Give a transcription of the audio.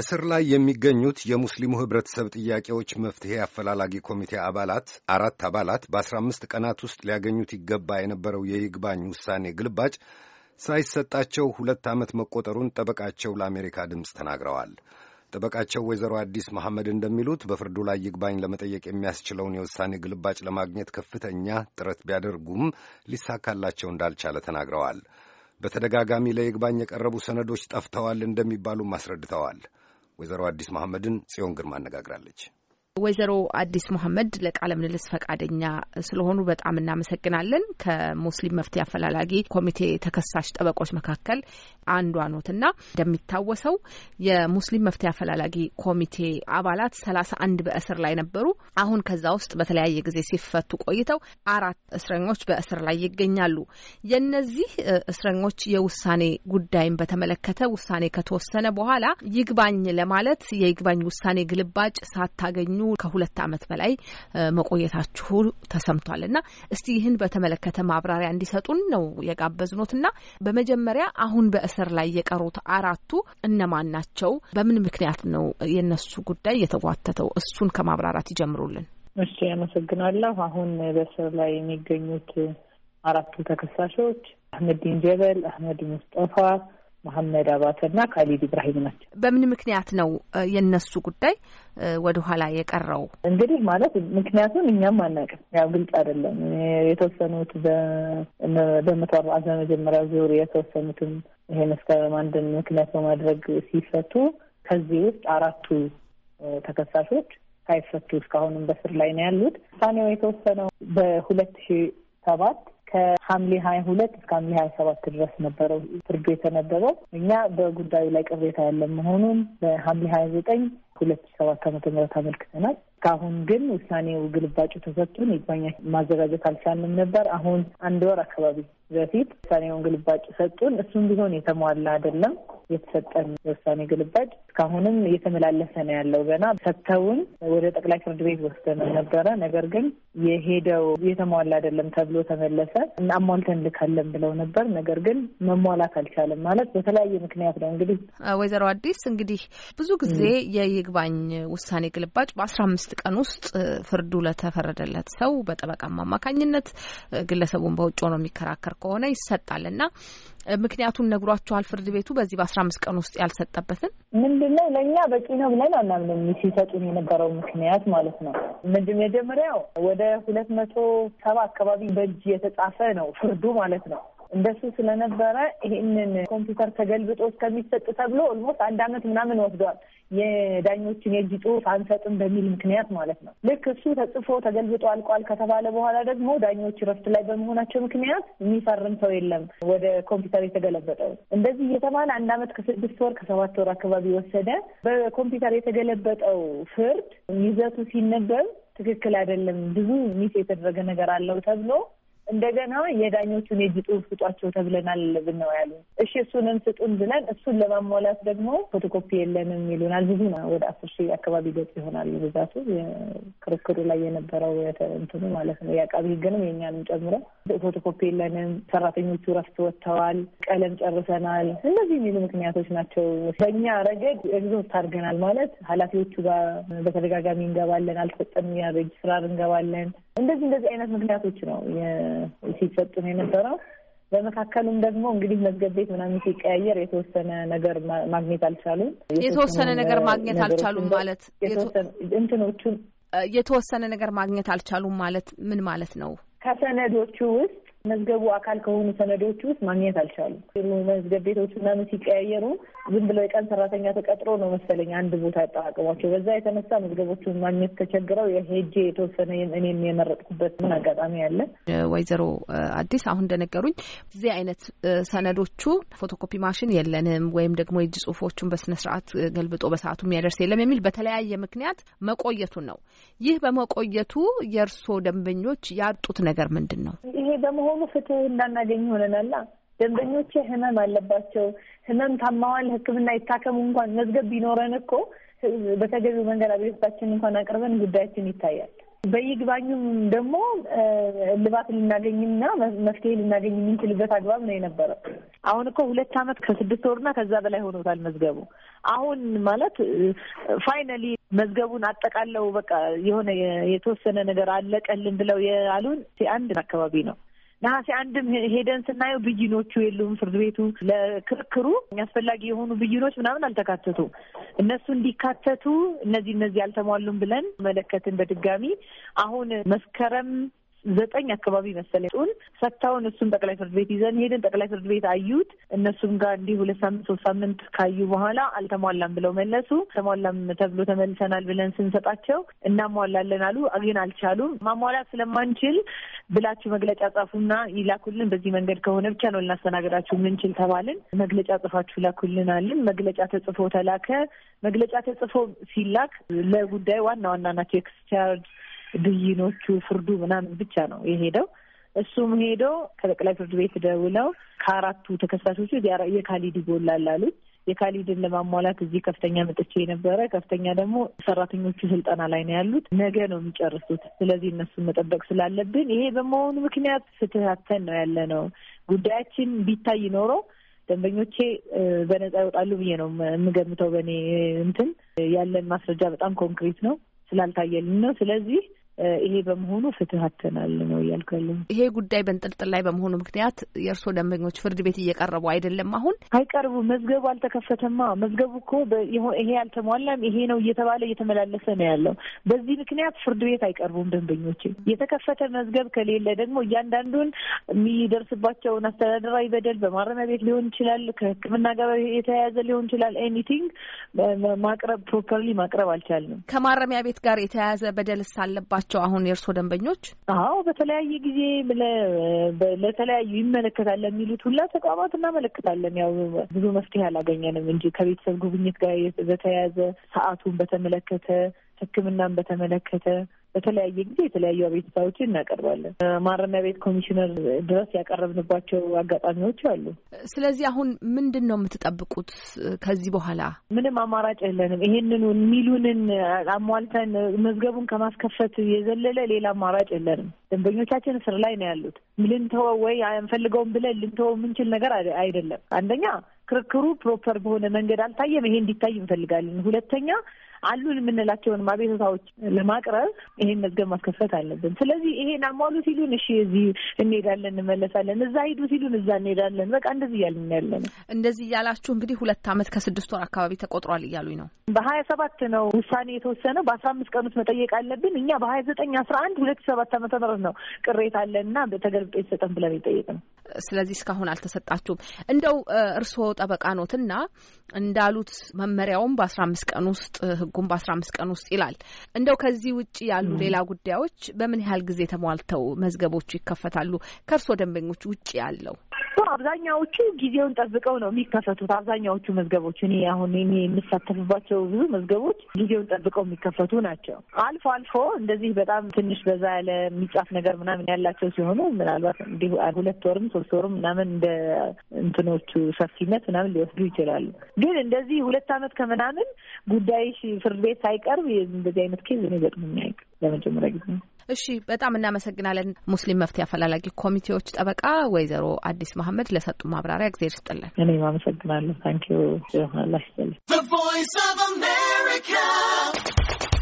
እስር ላይ የሚገኙት የሙስሊሙ ህብረተሰብ ጥያቄዎች መፍትሄ አፈላላጊ ኮሚቴ አባላት አራት አባላት በአስራ አምስት ቀናት ውስጥ ሊያገኙት ይገባ የነበረው የይግባኝ ውሳኔ ግልባጭ ሳይሰጣቸው ሁለት ዓመት መቆጠሩን ጠበቃቸው ለአሜሪካ ድምፅ ተናግረዋል። ጠበቃቸው ወይዘሮ አዲስ መሐመድ እንደሚሉት በፍርዱ ላይ ይግባኝ ለመጠየቅ የሚያስችለውን የውሳኔ ግልባጭ ለማግኘት ከፍተኛ ጥረት ቢያደርጉም ሊሳካላቸው እንዳልቻለ ተናግረዋል። በተደጋጋሚ ለይግባኝ የቀረቡ ሰነዶች ጠፍተዋል እንደሚባሉም አስረድተዋል። ወይዘሮ አዲስ መሐመድን ጽዮን ግርማ አነጋግራለች። ወይዘሮ አዲስ መሐመድ ለቃለ ምልልስ ፈቃደኛ ስለሆኑ በጣም እናመሰግናለን። ከሙስሊም መፍትሄ አፈላላጊ ኮሚቴ ተከሳሽ ጠበቆች መካከል አንዷ ኖትና እንደሚታወሰው የሙስሊም መፍትሄ አፈላላጊ ኮሚቴ አባላት ሰላሳ አንድ በእስር ላይ ነበሩ። አሁን ከዛ ውስጥ በተለያየ ጊዜ ሲፈቱ ቆይተው አራት እስረኞች በእስር ላይ ይገኛሉ። የነዚህ እስረኞች የውሳኔ ጉዳይን በተመለከተ ውሳኔ ከተወሰነ በኋላ ይግባኝ ለማለት የይግባኝ ውሳኔ ግልባጭ ሳታገኙ ከሁለት ዓመት በላይ መቆየታችሁ ተሰምቷል እና እስቲ ይህን በተመለከተ ማብራሪያ እንዲሰጡን ነው የጋበዝኖትና በመጀመሪያ አሁን በእስ በእስር ላይ የቀሩት አራቱ እነማን ናቸው? በምን ምክንያት ነው የነሱ ጉዳይ የተጓተተው? እሱን ከማብራራት ይጀምሩልን። እሺ፣ አመሰግናለሁ። አሁን በእስር ላይ የሚገኙት አራቱ ተከሳሾች አህመዲን ጀበል፣ አህመድ ሙስጠፋ፣ መሐመድ አባተ እና ካሊድ ኢብራሂም ናቸው። በምን ምክንያት ነው የነሱ ጉዳይ ወደኋላ የቀረው? እንግዲህ ማለት ምክንያቱም እኛም አናውቅም፣ ያው ግልጽ አይደለም። የተወሰኑት በመቶ አርባ በመጀመሪያው ዙር የተወሰኑትም ይሄን እስከ ማንድን ምክንያት በማድረግ ሲፈቱ ከዚህ ውስጥ አራቱ ተከሳሾች ሳይፈቱ እስካሁንም በስር ላይ ነው ያሉት። ውሳኔው የተወሰነው በሁለት ሺ ሰባት ከሐምሌ ሀያ ሁለት እስከ ሐምሌ ሀያ ሰባት ድረስ ነበረው ፍርዱ የተነበበው። እኛ በጉዳዩ ላይ ቅሬታ ያለ መሆኑን በሐምሌ ሀያ ዘጠኝ ሁለት ሺ ሰባት ዓመተ ምህረት አመልክተናል። እስካሁን ግን ውሳኔው ግልባጩ ተሰጥቶን ይግባኝ ማዘጋጀት አልቻልንም ነበር። አሁን አንድ ወር አካባቢ በፊት ውሳኔውን ግልባጭ ሰጡን። እሱም ቢሆን የተሟላ አይደለም። የተሰጠን ውሳኔ ግልባጭ እስካሁንም እየተመላለሰ ነው ያለው። ገና ሰጥተውን ወደ ጠቅላይ ፍርድ ቤት ወስደን ነበረ። ነገር ግን የሄደው የተሟላ አይደለም ተብሎ ተመለሰ አሟልተን ልካለን ብለው ነበር። ነገር ግን መሟላት አልቻለም ማለት በተለያየ ምክንያት ነው። እንግዲህ ወይዘሮ አዲስ እንግዲህ ብዙ ጊዜ የይግባኝ ውሳኔ ግልባጭ በአስራ አምስት ቀን ውስጥ ፍርዱ ለተፈረደለት ሰው በጠበቃም አማካኝነት ግለሰቡን በውጭ ሆኖ የሚከራከር ከሆነ ይሰጣል እና ምክንያቱን ነግሯችኋል ፍርድ ቤቱ በዚህ በአስራ አምስት ቀን ውስጥ ያልሰጠበትን ምንድን ነው? ለእኛ በቂ ነው ብለን አናምንም። ሲሰጡን የነበረው ምክንያት ማለት ነው ምንድን መጀመሪያው ወደ ሁለት መቶ ሰባ አካባቢ በእጅ የተጻፈ ነው ፍርዱ ማለት ነው እንደሱ ስለነበረ ይህንን ኮምፒውተር ተገልብጦ እስከሚሰጥ ተብሎ ኦልሞስት አንድ አመት ምናምን ወስዷል። የዳኞችን የእጅ ጽሁፍ አንሰጥም በሚል ምክንያት ማለት ነው። ልክ እሱ ተጽፎ ተገልብጦ አልቋል ከተባለ በኋላ ደግሞ ዳኞች ረፍት ላይ በመሆናቸው ምክንያት የሚፈርም ሰው የለም ወደ ኮምፒውተር የተገለበጠው። እንደዚህ እየተባለ አንድ አመት ከስድስት ወር ከሰባት ወር አካባቢ ወሰደ። በኮምፒውተር የተገለበጠው ፍርድ ይዘቱ ሲነበብ ትክክል አይደለም፣ ብዙ ሚስ የተደረገ ነገር አለው ተብሎ እንደገና የዳኞቹን የእጅ ጽሁፍ ስጧቸው ተብለናል ብን ያሉ። እሺ እሱንም ስጡን ብለን እሱን ለማሟላት ደግሞ ፎቶኮፒ የለንም ይሉናል። ብዙ ነው፣ ወደ አስር ሺህ አካባቢ ገጽ ይሆናል ብዛቱ ክርክሩ ላይ የነበረው እንትኑ ማለት ነው። የአቃቢ ሕግንም የእኛንም ጨምሮ ፎቶኮፒ የለንም፣ ሰራተኞቹ ረፍት ወጥተዋል፣ ቀለም ጨርሰናል። እነዚህ የሚሉ ምክንያቶች ናቸው። በእኛ ረገድ ኤግዞስት አድርገናል ማለት ኃላፊዎቹ ጋር በተደጋጋሚ እንገባለን፣ አልተሰጠንም፣ ያ ሬጅስትራር እንገባለን እንደዚህ እንደዚህ አይነት ምክንያቶች ነው ሲሰጡን የነበረው። በመካከሉም ደግሞ እንግዲህ መዝገብ ቤት ምናምን ሲቀያየር የተወሰነ ነገር ማግኘት አልቻሉም። የተወሰነ ነገር ማግኘት አልቻሉም ማለት እንትኖቹን የተወሰነ ነገር ማግኘት አልቻሉም ማለት ምን ማለት ነው? ከሰነዶቹ ውስጥ መዝገቡ አካል ከሆኑ ሰነዶች ውስጥ ማግኘት አልቻሉም። መዝገብ ቤቶች ምናምን ሲቀያየሩ ዝም ብለው የቀን ሰራተኛ ተቀጥሮ ነው መሰለኝ አንድ ቦታ ያጠራቅሟቸው። በዛ የተነሳ መዝገቦቹን ማግኘት ተቸግረው የሄጄ የተወሰነ እኔም የመረጥኩበት ምን አጋጣሚ አለ። ወይዘሮ አዲስ አሁን እንደነገሩኝ እዚህ አይነት ሰነዶቹ ፎቶኮፒ ማሽን የለንም ወይም ደግሞ የእጅ ጽሁፎቹን በስነስርዓት ገልብጦ በሰዓቱ የሚያደርስ የለም የሚል በተለያየ ምክንያት መቆየቱን ነው። ይህ በመቆየቱ የእርስዎ ደንበኞች ያጡት ነገር ምንድን ነው? ይሄ በመሆ ከቆሙ ፍትህ እንዳናገኝ ሆነናላ። ደንበኞች ህመም አለባቸው። ህመም ታማዋል፣ ህክምና ይታከሙ እንኳን መዝገብ ቢኖረን እኮ በተገቢው መንገድ አቤቱታችን እንኳን አቅርበን ጉዳያችን ይታያል። በይግባኙም ደግሞ እልባት ልናገኝና መፍትሄ ልናገኝ የምንችልበት አግባብ ነው የነበረው። አሁን እኮ ሁለት ዓመት ከስድስት ወርና ከዛ በላይ ሆኖታል መዝገቡ። አሁን ማለት ፋይናሊ መዝገቡን አጠቃለው በቃ የሆነ የተወሰነ ነገር አለቀልን ብለው ያሉን አንድ አካባቢ ነው። ነሐሴ አንድም ሄደን ስናየው ብይኖቹ የሉም። ፍርድ ቤቱ ለክርክሩ አስፈላጊ የሆኑ ብይኖች ምናምን አልተካተቱ እነሱ እንዲካተቱ እነዚህ እነዚህ አልተሟሉም ብለን መለከትን በድጋሚ አሁን መስከረም ዘጠኝ አካባቢ መሰለኝ ጡን ሰታውን እሱን ጠቅላይ ፍርድ ቤት ይዘን ሄድን። ጠቅላይ ፍርድ ቤት አዩት። እነሱም ጋር እንዲህ ሁለት ሳምንት ሶስት ሳምንት ካዩ በኋላ አልተሟላም ብለው መለሱ። ተሟላም ተብሎ ተመልሰናል ብለን ስንሰጣቸው እናሟላለን አሉ። ግን አልቻሉም። ማሟላት ስለማንችል ብላችሁ መግለጫ ጻፉና ይላኩልን። በዚህ መንገድ ከሆነ ብቻ ነው ልናስተናግዳችሁ የምንችል ተባልን። መግለጫ ጽፋችሁ ላኩልን አልን። መግለጫ ተጽፎ ተላከ። መግለጫ ተጽፎ ሲላክ ለጉዳይ ዋና ዋና ናቸው ኤክስቻርጅ ብይኖቹ ፍርዱ ምናምን ብቻ ነው የሄደው። እሱም ሄዶ ከጠቅላይ ፍርድ ቤት ደውለው ከአራቱ ተከሳሾቹ የካሊድ ይጎላል አሉኝ። የካሊድን ለማሟላት እዚህ ከፍተኛ መጥቼ የነበረ ከፍተኛ ደግሞ ሰራተኞቹ ስልጠና ላይ ነው ያሉት፣ ነገ ነው የሚጨርሱት። ስለዚህ እነሱን መጠበቅ ስላለብን ይሄ በመሆኑ ምክንያት ስትታተን ነው ያለ ነው ጉዳያችን ቢታይ ኖሮ ደንበኞቼ በነጻ ይወጣሉ ብዬ ነው የምገምተው። በእኔ እንትን ያለን ማስረጃ በጣም ኮንክሪት ነው ስላልታየልን ነው። ስለዚህ ይሄ በመሆኑ ፍትህ አተናል ነው እያልካለ ይሄ ጉዳይ በንጥልጥል ላይ በመሆኑ ምክንያት የእርስዎ ደንበኞች ፍርድ ቤት እየቀረቡ አይደለም? አሁን አይቀርቡ። መዝገቡ አልተከፈተማ። መዝገቡ እኮ ይሄ አልተሟላም፣ ይሄ ነው እየተባለ እየተመላለሰ ነው ያለው። በዚህ ምክንያት ፍርድ ቤት አይቀርቡም ደንበኞች። የተከፈተ መዝገብ ከሌለ ደግሞ እያንዳንዱን የሚደርስባቸውን አስተዳደራዊ በደል በማረሚያ ቤት ሊሆን ይችላል፣ ከህክምና ጋር የተያያዘ ሊሆን ይችላል። ኤኒቲንግ ማቅረብ ፕሮፐርሊ ማቅረብ አልቻልንም። ከማረሚያ ቤት ጋር የተያያዘ በደል ሳለባቸው ናቸው አሁን የእርስዎ ደንበኞች? አዎ በተለያየ ጊዜ ለተለያዩ ይመለከታል ለሚሉት ሁላ ተቋማት እናመለክታለን። ያው ብዙ መፍትሄ አላገኘንም እንጂ ከቤተሰብ ጉብኝት ጋር በተያያዘ ሰዓቱን በተመለከተ ሕክምናን በተመለከተ በተለያየ ጊዜ የተለያዩ አቤቱታዎችን እናቀርባለን። ማረሚያ ቤት ኮሚሽነር ድረስ ያቀረብንባቸው አጋጣሚዎች አሉ። ስለዚህ አሁን ምንድን ነው የምትጠብቁት? ከዚህ በኋላ ምንም አማራጭ የለንም። ይሄንን የሚሉንን አሟልተን መዝገቡን ከማስከፈት የዘለለ ሌላ አማራጭ የለንም። ደንበኞቻችን እስር ላይ ነው ያሉት። ልንተወ ወይ አንፈልገውም ብለን ልንተወው የምንችል ነገር አይደለም። አንደኛ ክርክሩ ፕሮፐር በሆነ መንገድ አልታየም። ይሄ እንዲታይ እንፈልጋለን። ሁለተኛ አሉን የምንላቸውን አቤቱታዎች ለማቅረብ ይሄን መዝገብ ማስከፈት አለብን። ስለዚህ ይሄን አሟሉ ሲሉን እሺ እዚህ እንሄዳለን እንመለሳለን፣ እዛ ሂዱ ሲሉን እዛ እንሄዳለን። በቃ እንደዚህ እያልን ያለ ነው። እንደዚህ እያላችሁ እንግዲህ ሁለት አመት ከስድስት ወር አካባቢ ተቆጥሯል እያሉኝ ነው። በሀያ ሰባት ነው ውሳኔ የተወሰነው። በአስራ አምስት ቀን ውስጥ መጠየቅ አለብን እኛ በሀያ ዘጠኝ አስራ አንድ ሁለት ሰባት አመተ ምህረት ነው ቅሬታ አለንና ተገልብጦ የተሰጠን ብለን የጠየቅ ነው። ስለዚህ እስካሁን አልተሰጣችሁም። እንደው እርስዎ ጠበቃ ኖትና እንዳሉት መመሪያውም በአስራ አምስት ቀን ውስጥ ህጉም በአስራ አምስት ቀን ውስጥ ይላል። እንደው ከዚህ ውጭ ያሉ ሌላ ጉዳዮች በምን ያህል ጊዜ ተሟልተው መዝገቦቹ ይከፈታሉ? ከእርስዎ ደንበኞች ውጭ ያለው አብዛኛዎቹ ጊዜውን ጠብቀው ነው የሚከፈቱት። አብዛኛዎቹ መዝገቦች እኔ አሁን እኔ የምሳተፍባቸው ብዙ መዝገቦች ጊዜውን ጠብቀው የሚከፈቱ ናቸው። አልፎ አልፎ እንደዚህ በጣም ትንሽ በዛ ያለ የሚጻፍ ነገር ምናምን ያላቸው ሲሆኑ ምናልባት እንዲሁ ሁለት ወርም ሶስት ወርም ምናምን እንደ እንትኖቹ ሰፊነት ምናምን ሊወስዱ ይችላሉ። ግን እንደዚህ ሁለት ዓመት ከምናምን ጉዳይ ፍርድ ቤት ሳይቀርብ እንደዚህ አይነት ኬዝ እኔ ገጥሞኝ አይቅ ለመጀመሪያ ጊዜ ነው። እሺ፣ በጣም እናመሰግናለን። ሙስሊም መፍትሄ አፈላላጊ ኮሚቴዎች ጠበቃ ወይዘሮ አዲስ መሀመድ ለሰጡ ማብራሪያ እግዜር ይስጥልን። እኔም አመሰግናለሁ። ታንኪዩ ላ ይስጥልን።